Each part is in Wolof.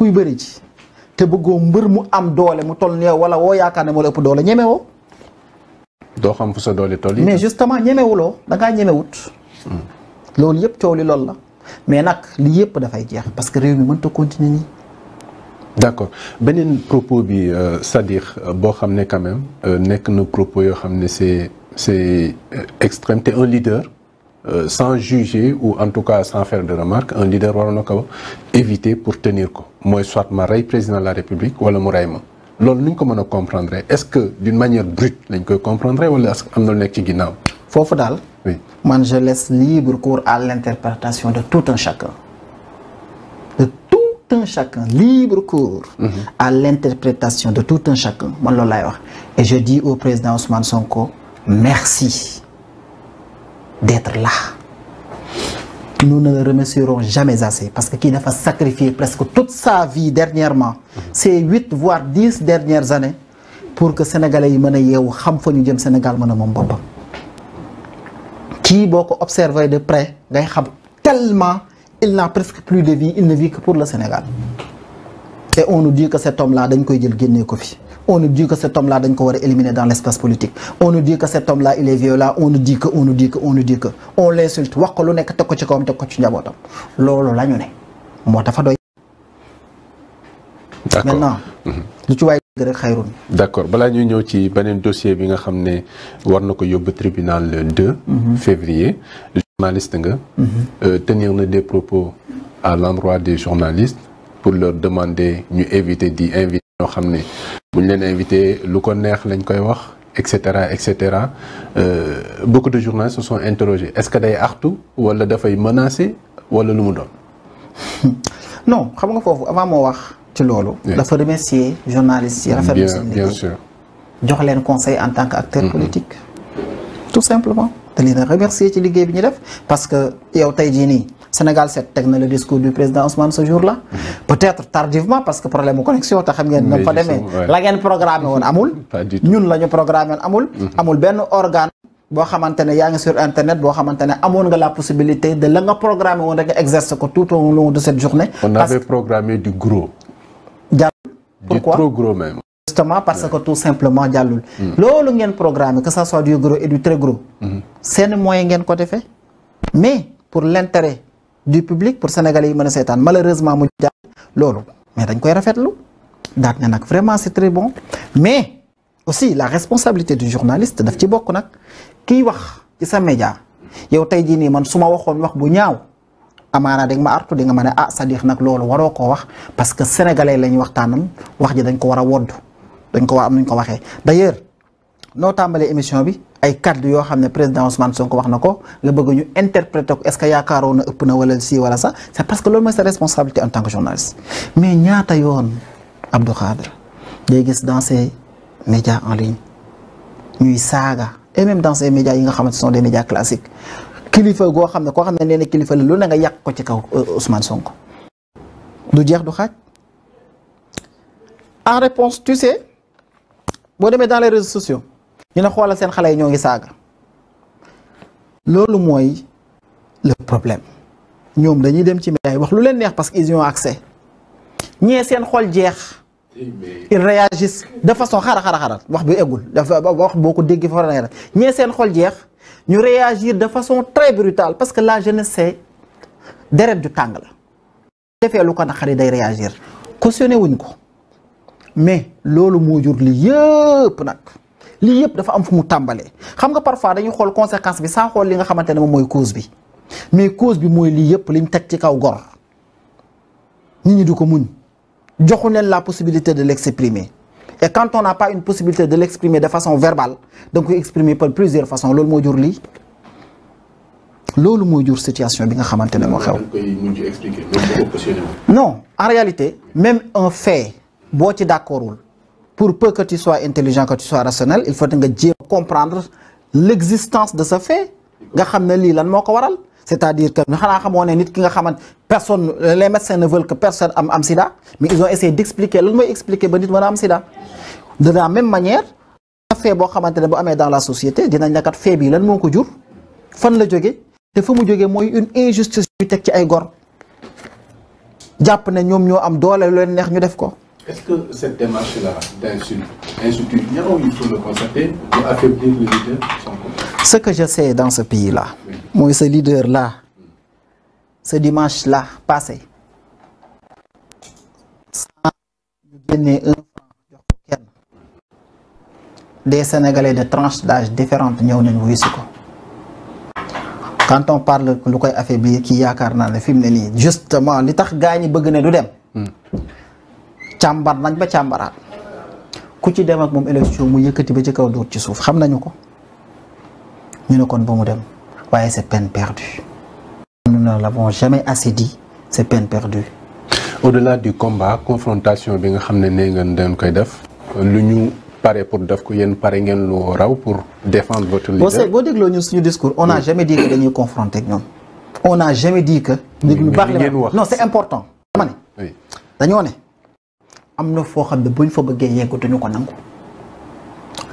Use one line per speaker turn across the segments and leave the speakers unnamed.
kuy bëri ci te bëggoo mbër mu am doole mu toll ni yow wala woo yaakaar ne moo la ëpp doole ñemewoo. doo xam fu sa
doole toll yi. mais
justement ñemewuloo dangaa ngaa ñemewut. Hmm. loolu yëpp coow li loolu la mais nag li yëpp dafay jeex parce que réew mi mënut a continuer nii.
d' accord beneen propos bi c'est-à-dire euh, euh, boo xam ne quand même euh, nekk na propos yoo xam ne c' est te un leader. Euh, sans juger ou en tout cas sans faire de remarque un leader waroon na ko éviter pour tenir ko mooy soit ma rey président de la république wala mu rey ma loolu nu ñu ko mën a comprendre est-ce que d'une
manière brute lañ koy comprendre wala est-ce que am na ginnaaw. foofu daal. man je laisse libre cours à l'interprétation de tout un chacun de tout un chacun libre cours. Mm -hmm. à l'interprétation de tout un chacun man lo laay wax et je dis au président Ousmane Sonko merci. d'être là. Nous ne le remercierons jamais assez parce que kii a sacrifié presque toute sa vie dernièrement, ces 8 voir 10 dernières années, pour que les Sénégalais puissent le Sénégal. boo ko observé de près, tellement il n'a presque plus de vie, il ne vit que pour le Sénégal. Et on nous dit que cet homme-là, il ko été on nous dit que cet homme là ko war a éliminer dans l' espace politique on nous dit que cet homme là il est violent on nous dit que on nekk teg ko ci kawam teg ko la ñu moo dafa doy. d' accord maintenant mhm. lu
d' accord balaa ñuy ñëw ci beneen dossier bi nga xam ne war na ko yóbbu tribunal le 2 mhm. février. journaliste nga. Mhm. Euh, tenir na des propos à l' endroit des journalistes pour leur demander ñu éviter di inviter xam ne bu ñu leen invité lu ko neex lañ koy wax et cetera et cetera euh, beaucoup de journalistes se sont est-ce que day artu wala dafay menacer wala lu mu doon. non xam nga foofu avant
moo wax ci loolu. dafa remercier journalistes yi rafetlu seen liggéey bien sûr. jox leen conseil en tant qu'acteur mm-hmm. politique. tout simplement da leen remercier ci liggéey bi ñu def parce que yow tey jii nii. Sénégal 7 teg na le discours du président Ousmane ce jour-là. peut-être tardivement parce que problème mu connexion te xam ngeen. na fa demee la ngeen programmé woon amul. ñun la ñu woon mm-hmm. amul. benn organe. boo xamante ne yaa ngi sur internet boo xamante ne amoon nga la possibilité de la nga programmé woon rek nga exercer ko tout au long de cette journée. on avait programmé du gros. parce que tout simplement jàllul. Mm. loolu ngeen programme que ça soit du gros et du très gros. Mm-hmm. ko defee. mais pour l'intérêt du public pour sénégalais yi mën a seetaan malheureusement mu jàll loolu mais dañ koy rafetlu daat ne nag vraiment c'est très bon mais aussi la responsabilité du journaliste daf ci bokk nag kiy wax ci sa média yow tey jii nii man su ma waxoon wax bu ñaaw amaana di nga ma artu di nga ma ne ah Sadikh nag loolu waroo koo wax parce que sénégalais lañ waxtaanal wax ji dañ ko war a wodd dañ ko war am nuñ ko waxee noo tàmbalee émission bi ay kàddu yoo xam ne président Ousmane Sonko wax na ko nga bëgg ñu interpréter ko est-ce que yaakaaroon na ëpp na wala si wala sax c'est parce que loolu mooy sa responsabilité en tant que journaliste mais ñaata yoon Abdou Khadre day gis dans ces en ligne ñuy saaga et même dans ces médias yi nga xamante ne sont des médias kilifa goo xam ne koo xam ne nee na kilifa la lu ne nga yàq ko ci kaw euh, Ousmane Sonko du jeex du xaaj en réponse tu boo demee dans les réseaux ñu ne xoolal seen xale yi ñoo ngi saaga loolu mooy le problème ñoom dañuy dem ci médias wax lu leen neex parce que ils ont accès ñee seen xool jeex ils réagissent de façon xara xara xara wax bi eggul dafa wax boo ko déggee fa ra ñee seen xol jeex ñu réagir de façon très brutale parce que la jeunesse c'est deret du tàng la defee lu ko naqari day réagir cautionné wuñ ko mais loolu moo jur li yëpp nag lii yëpp dafa am fu mu tàmbalee xam nga parfois dañuy xool conséquence bi sans xool li nga xamante ne moom mooy cause bi mais cause bi mooy lii yëpp ñu teg ci kaw gor nit ñu du ko muñ joxu leen la possibilité de l'exprimer et quand on n'a pas une possibilité de l'exprimer de façon verbale da nga koy exprimer par plusieurs façons loolu moo jur lii loolu moo jur situation bi nga xamante ne moo xew. non en réalité même un fait boo ci d'accordul pour peu que tu sois intelligent que tu sois rationnel il faut que nga jéem comprendre l'existence de ce fait nga xam ne lii lan moo ko waral c'est-à-dire que xanaa xamoo ne nit ki nga xamante personne les médecins ne veulent que personne am am sida mais ils ont essayé d'expliquer lan mooy expliquer ba nit mën a am sida de la même manière fee boo xamante ne boo amee dans la société dinañ nakat fee bi lan moo ko jur fan la jóge te fa mu jógee mooy une injustice yu teg ci ay gor jàpp ne ñoom ñoo am doole lu neex ñu def ko
Est-ce que cette démarche-là d'insulte, insulte, il faut le constater, pour affaiblir le leader
Ce que je sais dans ce pays-là, oui. ce leader-là, ce dimanche-là passé, sans donner un franc des Sénégalais de tranches d'âge différentes ñëw nañu wuyu ko quand on parle lu koy affaiblir kii yaakaar naa ne fi mu ne nii justement li tax gaa ñi bëgg na du dem hmm. càmbar nañ ba càmbaraat ku ci dem ak moom élection mu yëkkati ba ci kaw dóor ci suuf xam nañu ko ñu ne kon ba mu dem waaye c'est peine perdue. nous ne l'avons jamais assez dit c'est peine perdue.
au-delà du combat confrontation bi nga xam ne nee ngeen dañ koy def. lu ñu pare pour def ko yéen pare ngeen lu raw pour défendre votre leader.
boo dégloo ñu suñu discours on n'a jamais dit que dañuy confronter ak ñoom. on n'a jamais dit que. ñu baax non c'est important. dama ne dañoo ne. am na foo xam ne buñ fa bëggee yegg duñu ko nangu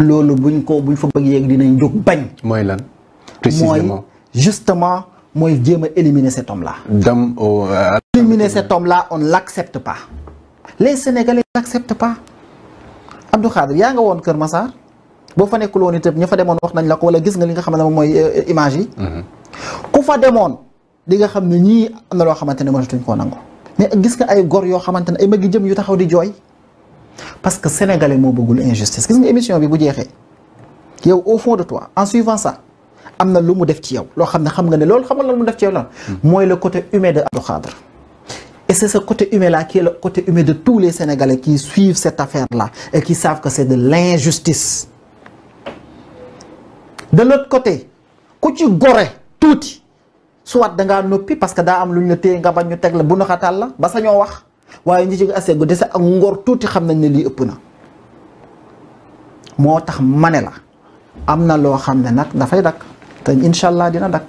loolu buñ ko buñ fa bëggee yegg dinañ jóg bañ. mooy lan précisément mooy justement mooy jéem a éliminer cet homme là. dem au. Euh, éliminer cet homme là on l'accepte pas les sénégalais l'acceptent pas Abdou Khadre yaa nga woon Kër Massar boo fa nekkul woon itam ña fa demoon wax nañ la ko wala gis nga li nga xam ne moom mooy euh, image yi. Mhm. ku fa demoon li nga xam ne ñii am na loo xamante ne mënatuñ koo nangu. mais gis nga ay gor yoo xamante ne ay magi jëm yu taxaw di jooy parce que sénégalais moo bëggul injustice gis nga émission bi bu jeexee yow au fond de toi en suivant sax am na lu mu def ci yow loo xam ne xam nga ne loolu xamal la lu mu def ci yow lan hmm. mooy le côté humain de Abdou Khadre et c'est ce côté humain là qui est le côté humain de tous les sénégalais qui suivent cette affaire là et qui savent que c'est de l'injustice de l'autre côté ku ci gore tuuti soit dangaa noppi parce que daa am lu ñu la téye nga bañ ñu teg la bu na xatal la ba sañoo wax waaye ñi ci asseegu dese ak ngor tuuti xam nañ ne lii ëpp na moo tax ma ne la am na loo xam ne nag dafay dakk te incha allah dina dakk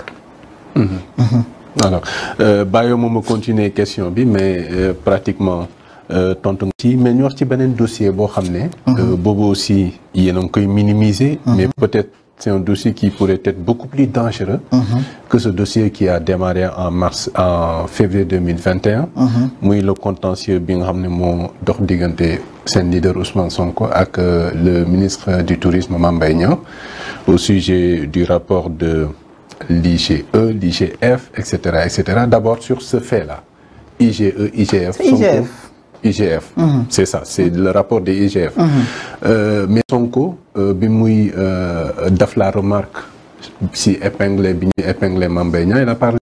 mm-hmm. alors euh, bàyyoo moom ma continuer question bi mais euh, pratiquement euh, tontu nga ci mais ñu wax ci beneen dossier boo xam ne mm-hmm. euh, boobu aussi yéen a ngi koy minimiser mm-hmm. mais peut-être c'est un dossier qui pourrait être beaucoup plus dangereux mm -hmm. que ce dossier qui a démarré en mars en février 2021 mhm. muy le contentieux bi nga xam ne moo dox diggante seen leader Ousmane Sonko ak euh, le ministre du tourisme Mame Mbaye Niang au sujet du rapport de l'IGE l'IGF etc etc d'abord sur ce fait là IGE IGF Sonko IGF. Mhm. c'est ça c'est le rapport de IGF. Mhm. Euh, mais Sonko euh, bi muy euh, daf la remarque si épinglé bi ñu épinglé Mame Mbaye Niang il a parlé